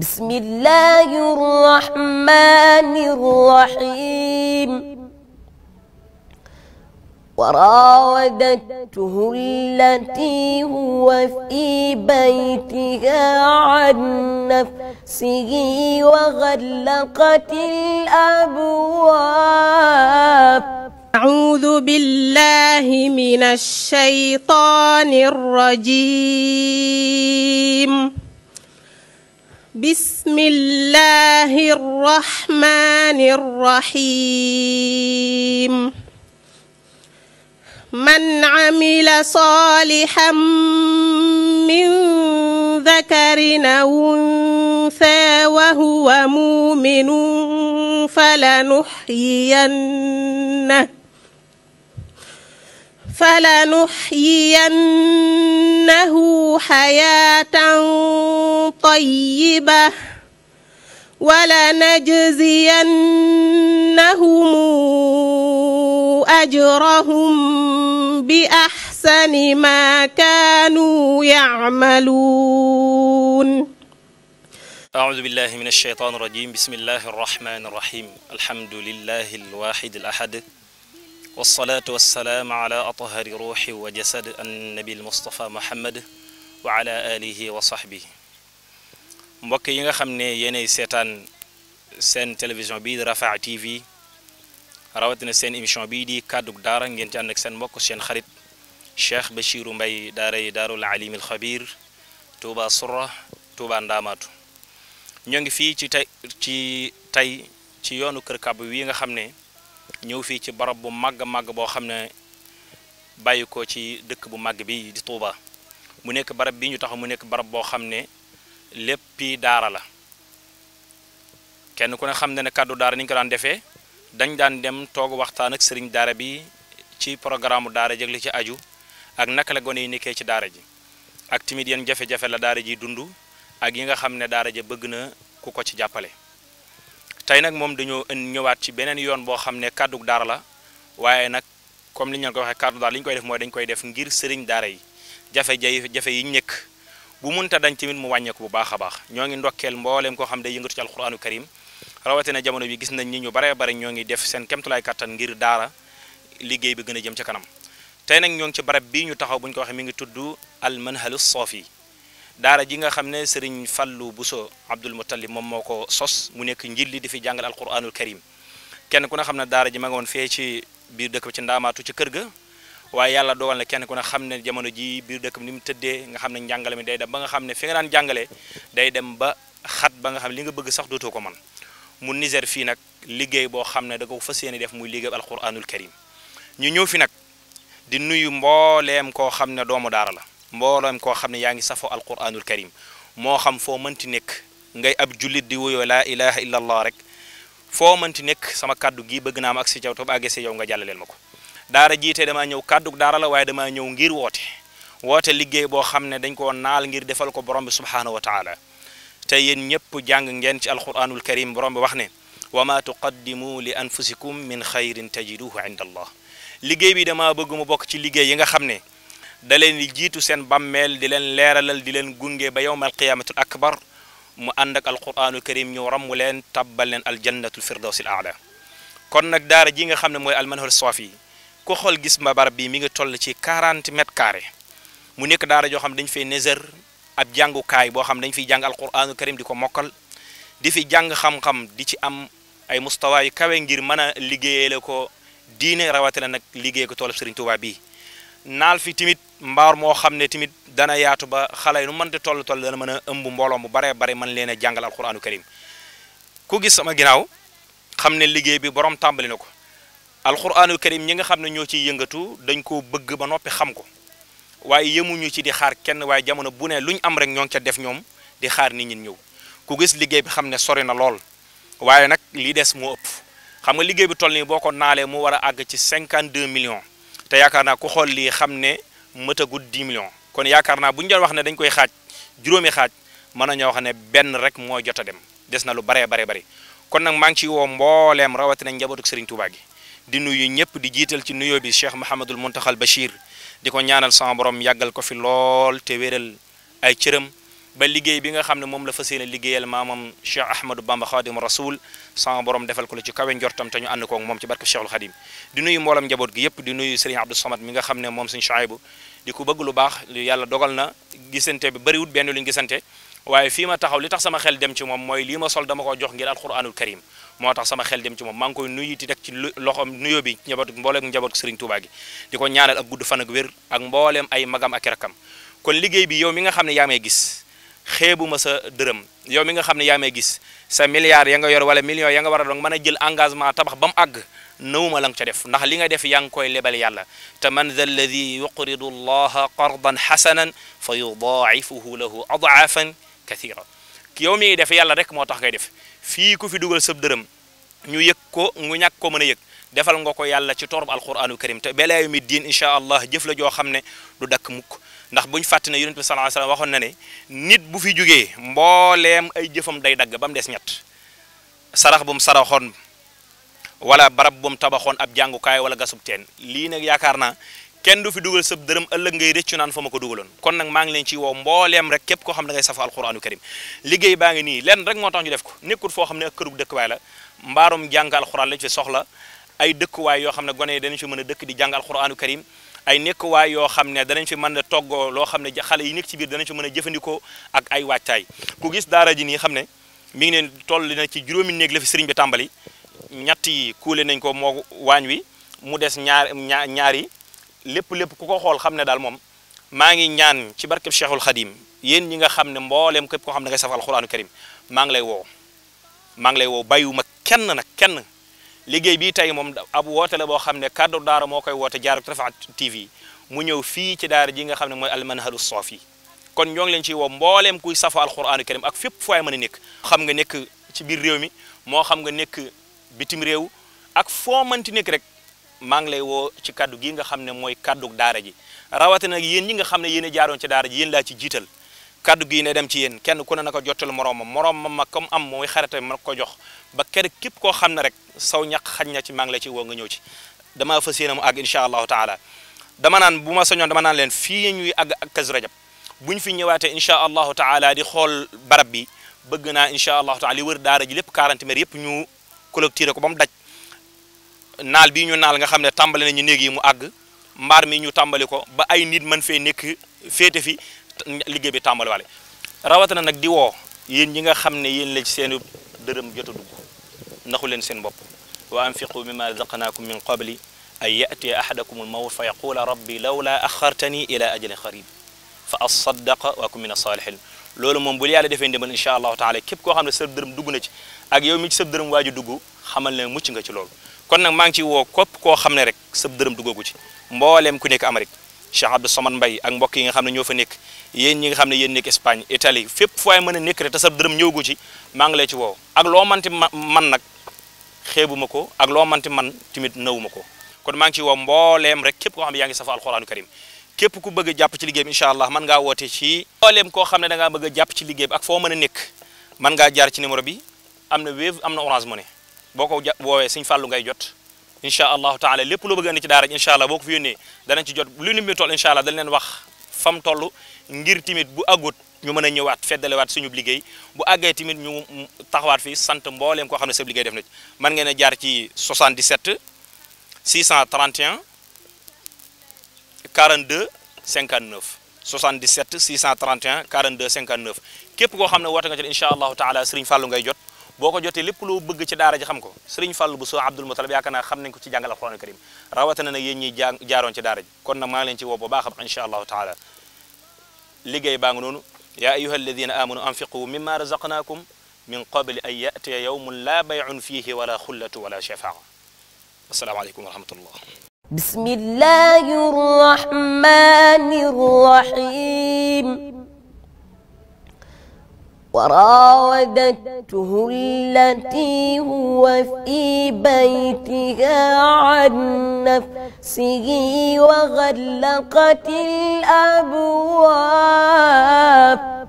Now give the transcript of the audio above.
بسم الله الرحمن الرحيم وراودته التي هو في بيتها عن نفسه وغلقت الأبواب أعوذ بالله من الشيطان الرجيم بسم الله الرحمن الرحيم من عمل صالحا من ذكر أو أنثى وهو مؤمن فلنحيينه فلنحيينه حياة طيبة ولنجزينهم أجرهم بأحسن ما كانوا يعملون أعوذ بالله من الشيطان الرجيم بسم الله الرحمن الرحيم الحمد لله الواحد الأحد والصلاة والسلام على أطهر روح وجسد النبي المصطفى محمد وعلى آله وصحبه mbokk yi nga xam ne yéenay seetaan seen télévision bii di TV rawatina seen émission bii di kàddug daara ngeen ci ànd seen mbokk seen xarit Cheikh Bachirou Mbaye daaray daarul alimil xabir Touba Sourah Touba Ndaamaatu ñoo ngi fii ci tey ci tey ci yoonu kër kàbb nga xam ne ñëw fii ci barab bu màgg màgg boo xam ne bàyyi ko ci dëkk bu màgg bi di tuuba mu nekk barab bi ñu taxaw mu nekk barab boo xam ne léppi daara la kenn ku ne xam ne ne kàddu daara ni ñu ko daan defee dañ daan dem toog waxtaan ak sëriñ daara bi ci programme daara jëg li ci aju ak naka la gone yi nekkee ci daara ji ak timit yenn jafe-jafe la daara ji dund ak yi nga xam ne daara ja bëgg na ku ko ci jàppale tey nag moom dañoo ñëwaat ci beneen yoon boo xam ne kàddug daara la waaye nag comme li ñeen ko waxee kàddu daara li koy def mooy dañ koy def ngir sëriñ daara yi jafe-jafe yi ñëkk bu munta dañ tamit mu wàññeeku bu baax a baax ñoo ngi ndokkeel mbooleem koo xam day yëngatu ci alquraanu karim rawatina jamono bi gis nañ ni ñu bare bare ñoo ngi def seen kemtulaay kattan ngir daara liggéey bi gën jëm ca kanam tey nag ñoo ngi ci barab bii ñu taxaw bu ko waxee mi ngi tudd al manhalu soofi daara ji nga xam ne sëriñ Fallou Bousso Abdoul Moutalib moom moo ko sos mu nekk njilli di fi jàngal alquranul karim kenn ku ne xam ne daara ji ma nga woon fee ci biir dëkk bi ci ndaamaatu ci kër ga waaye yàlla dogal na kenn ku ne xam ne jamono ji biir dëkk bi ni mu tëddee nga xam ne njàngale mi day dem ba nga xam ne fi nga daan jàngale day dem ba xat ba nga xam ne li nga bëgg sax dootoo ko man mu Niger fii nag liggéey boo xam ne da ko fas yéene def muy liggéey alquranul karim ñu ñëw fi nag di nuyu mbooleem koo xam ne doomu daara la mbooloom koo xam ne yaa ngi safoo alquranul karim moo xam foo mënti nekk ngay ab jullit di wuyoo la ilaha illa allah rek foo mënti nekk sama kàddu gi bëgg naa ma ak si jaw ba àggee si yow nga jàllaleel ma ko daara jiite damaa ñëw kàddu daara la waaye damaa ñëw ngir woote woote liggéey boo xam ne dañ ko naal ngir defal ko borom bi subhaanahu wa taala te yéen ñëpp jàng ngeen ci alquranul karim borom bi wax ne wa ma tuqaddimu li anfusikum min xayrin tajiduhu inda allah liggéey bi damaa bëgg bokk ci liggéey yi nga xam ne da leen di jiitu seen bammeel di leen leeralal di leen gunge ba yowmal qiyaamatul akbar mu ànd ak alquraanul karim ñu ramm leen tabbal leen aljannatul firdawsil aala kon nag daara ji nga xam ne mooy almanhal safi ku xool gis ma barab bi mi nga toll ci 40 mètres carrés mu nekk daara joo xam dañu fay nazar ab jàngukaay boo xam dañ fiy jàng alquraanul karim di ko mokkal di fi jàng xam-xam di ci am ay mustawa yu kawe ngir mën a liggéeyee la ko diine rawatina nag liggéey ko toolab Serigne Touba mbaar moo xam ne tamit dana yaatu ba xale yi nu mënti toll toll dana mën a ëmb mbooloo mu baree bare man leen a jàngal alquranu karim ku gis sama ginnaaw xam ne liggéey bi borom tàmbali na ko alquranu karim ñi nga xam ne ñoo ciy yëngatu dañ koo bëgg ba noppi xam ko waaye yemuñu ci di xaar kenn waaye jamono bu ne luñ am rek ñoo ngi ca def ñoom di xaar ni ñu ñëw ku gis liggéey bi xam ne sori na lool waaye nag lii des mu ëpp xam nga liggéey bi toll nii boo ko naalee mu war a àgg ci 52 millions te xam ne mëtagut 10 millions kon yaakaar naa bu ñu doon wax ne dañ koy xaaj juróomi xaaj mën nañoo wax ne benn rek moo jot a dem des na lu baree bare bari kon nag maa ngi ciy woo mbooleem rawatina njabootuk Serigne Touba gi di nuyu ñëpp di jiital ci nuyoo bi Cheikh Mouhamadul Muntaxal Bachir di ko ñaanal sama borom yàggal ko fi lool te wéral ay cëram. ba liggéey bi nga xam ne moom la fas a liggéeyal maamam Cheikh Ahmadou Bamba Xaadimu Rasul sama borom defal ko la ci kawe njortam te ñu ànd koog moom ci barke Cheikhul Xadim di nuyu mboolam ne moom suñu Chouaïbou di ku bëgg lu baax yàlla dogal na gisante bi bëriwut benn luñ fii ma taxaw li tax sama xel dem ci moom mooy lii ma sol dama ko jox ngir alquranul karim moo tax sama xel dem ci moom maa koy nuyu ti rek ci loxom nuyo bi njaboot mbooleeg njaboot Serigne Touba gi di ko ñaanal ak gudd fan ak wér ak mbooleem ay magam ak rakkam kon liggéey bi yow mi nga xam ne yaa may gis ma sa dërëm yow mi nga xam ne yaa may gis sa milliards ya nga yor wala millions ya nga war a doon mën a jël engagement tabax ba mu àgg nawuma la nga ca def ndax li nga def yaa koy lebal yàlla te man dha alladi yuqridu allaha qardan xasanan fa yudaa'ifuhu lahu adaafan kathira yow mi def yàlla rek moo tax ngay def fii ku fi dugal sa dërëm ñu yëg ko ñu ñàkk ko mën a yëg defal nga ko yàlla ci torb alquranu karim te belaayu mi diin incha allah jëf la joo xam ne du dakk mukk ndax buñ fàtte ne yonent bi waxoon na ne nit bu fi jógee mbooleem ay jëfam day dagg ba mu des ñett sarax bu mu saraxoon wala barab bu mu tabaxoon ab jàngukaay wala gasub teen lii nag yaakaar naa kenn du fi dugal sab dërëm ëllëg ngay rëccu naan foo ma ko dugaloon kon nag maa ngi leen ci wow mbooleem rek képp koo xam ne ngay safa alquranu karim liggéey baa ngi nii lenn rek moo tax ñu def ko nekkul foo xam ne ak kërug dëkkuwaay la mbaarum jàng alquran lañ fi soxla ay dëkkuwaay yoo xam ne gone yi dañu ci mën a dëkk di jàng alquranu karim ay nekkuwaay yoo xam ne danañ fi mën a toggoo loo xam ne xale yi nekk ci biir danañ fi mën a jëfandikoo ak ay wàccaay ku gis daara ji nii xam ne mi ngi ne toll na ci juróomi néeg la fi sëriñ bi tàmbali ñett yi kuule nañ ko moo waañ wi mu des ñaar ñaar ñaar lépp lépp ku ko xool xam ne daal moom maa ngi ñaan ci barkeb Cheikhul Khadim yéen ñi nga xam ne mbooleem képp koo xam ne da ngay safal alxuraanu karim maa ngi lay woo maa ngi lay woo bàyyiwuma kenn nag kenn liggéey bii tey moom ab woote la boo xam ne kaddu daara moo koy woote jaar Rafah TV mu ñëw fii ci daara ji nga xam ne mooy almanhalu soof yi kon ñoo ngi leen ciy woo mbooleem kuy safo alquranu karim ak fépp fooy mën a nekk xam nga nekk ci biir réew mi moo xam nga nekk bitim réew ak foo mënti nekk rek maa ngi lay woo ci kaddu gi nga xam ne mooy kaddu daara ji rawatina nag yéen ñi nga xam ne yéen a jaaroon ci daara ji yéen laa ci jiital kaddu gii ne dem ci yéen kenn ku ne na ko jottal moroomam moroomam ma comme am mooy xarate ma ko jox ba kere képp koo xam ne rek saw ñaq xaj na ci maa la ci woo nga ñëw ci dama fas yéene mu àgg incha allahu taala dama naan bu ma sañoon dama naan leen fii ñuy àgg ak Kazu Rajab bu ñu fi ñëwaatee incha allahu taala di xool barab bi bëgg naa incha allahu taala li wër daara ji lépp 40 mètres yëpp ñu collecté ko ba mu daj naal bi ñu naal nga xam ne tàmbali nañu néeg yi mu àgg mbaar mi ñu tàmbali ko ba ay nit man fee nekk féete fi liggéey bi tàmbaliwaale rawatina nag di woo yéen ñi nga xam ne yéen la ci seen dërëm jot a dugg ndaxu leen seen bopp wa anfiqu mimma razaqnaakum min qabli an yatiya ahadakum al mawt fa yaqula rabbi lawla axartani ila ajalin qarib fa asaddaqa wa akun min as-salihin loolu moom bu yàlla defee ndimbal incha allahu taala képp koo xam ne sa dërëm dugg na ci ak yow mi ci sa dërëm waaju dugg xamal ne mucc nga ci loolu kon nag maa ngi ci woo képp koo xam ne rek sa dërëm duggoogu ci mbooleem ku nekk Amérique Cheikh de Samad Mbaye ak mbokk yi nga xam ne ñoo fa nekk yéen ñi nga xam ne yéen nekk Espagne Italie fépp fooy mën a nekk rek te sa dërëm ñëwgu ci maa ngi lay ci woow ak loo manti man nag xeebuma ko ak loo manti man tamit nawuma ko kon maa ngi ci woo mbooleem rek képp koo xam ne yaa ngi safa alxuraanu karim képp ku bëgg a jàpp ci liggéey bi incha allah mën woote ci mbooleem koo xam ne da ngaa jàpp ci liggéey bi ak foo mën a nekk mën ngaa jaar ci numéro bi am na Wave am na Orange Money boo ko woowee Sëñ Fàllu ngay jot incha allahu taala lépp loo bëgg andi ci daara ji incha allah boo ko fi yónnee danañ ci jot lu nim bi toll allah dañ leen wax fam toll ngir timit bu àggut ñu mën a ñëwaat feddalewaat suñu liggéey bu àggee tamit ñu taxawaat fi sant mbooleem koo xam ne sa liggéey def na ci man ngeen jaar ci 77 631 42 59 77 631 42 59 képp koo xam ne woote nga ci incha allahu taala Serigne Fallou ngay jot boo ko jotee lépp loo bëgg ci daara ji xam ko sëriñ Fàllu bu soo Abdul Mutalib yaakaar naa xam nañ ko ci jàngal alxuraan karim rawatina nag yéen ñiy jaaroon ci daara ji kon nag maa ngi leen ci woo bu baax a insha allahu taala liggéey baa ngi noonu yaa ayuha alladina amanu anfiqu mimma min qabli an yatiya yawmun la bayun fihi wala xullatu wala shafaa assalaamu aleykum wa rahmatullah bismillahi rahmani rahim وراودته التي هو في بيتها عن نفسه وغلقت الأبواب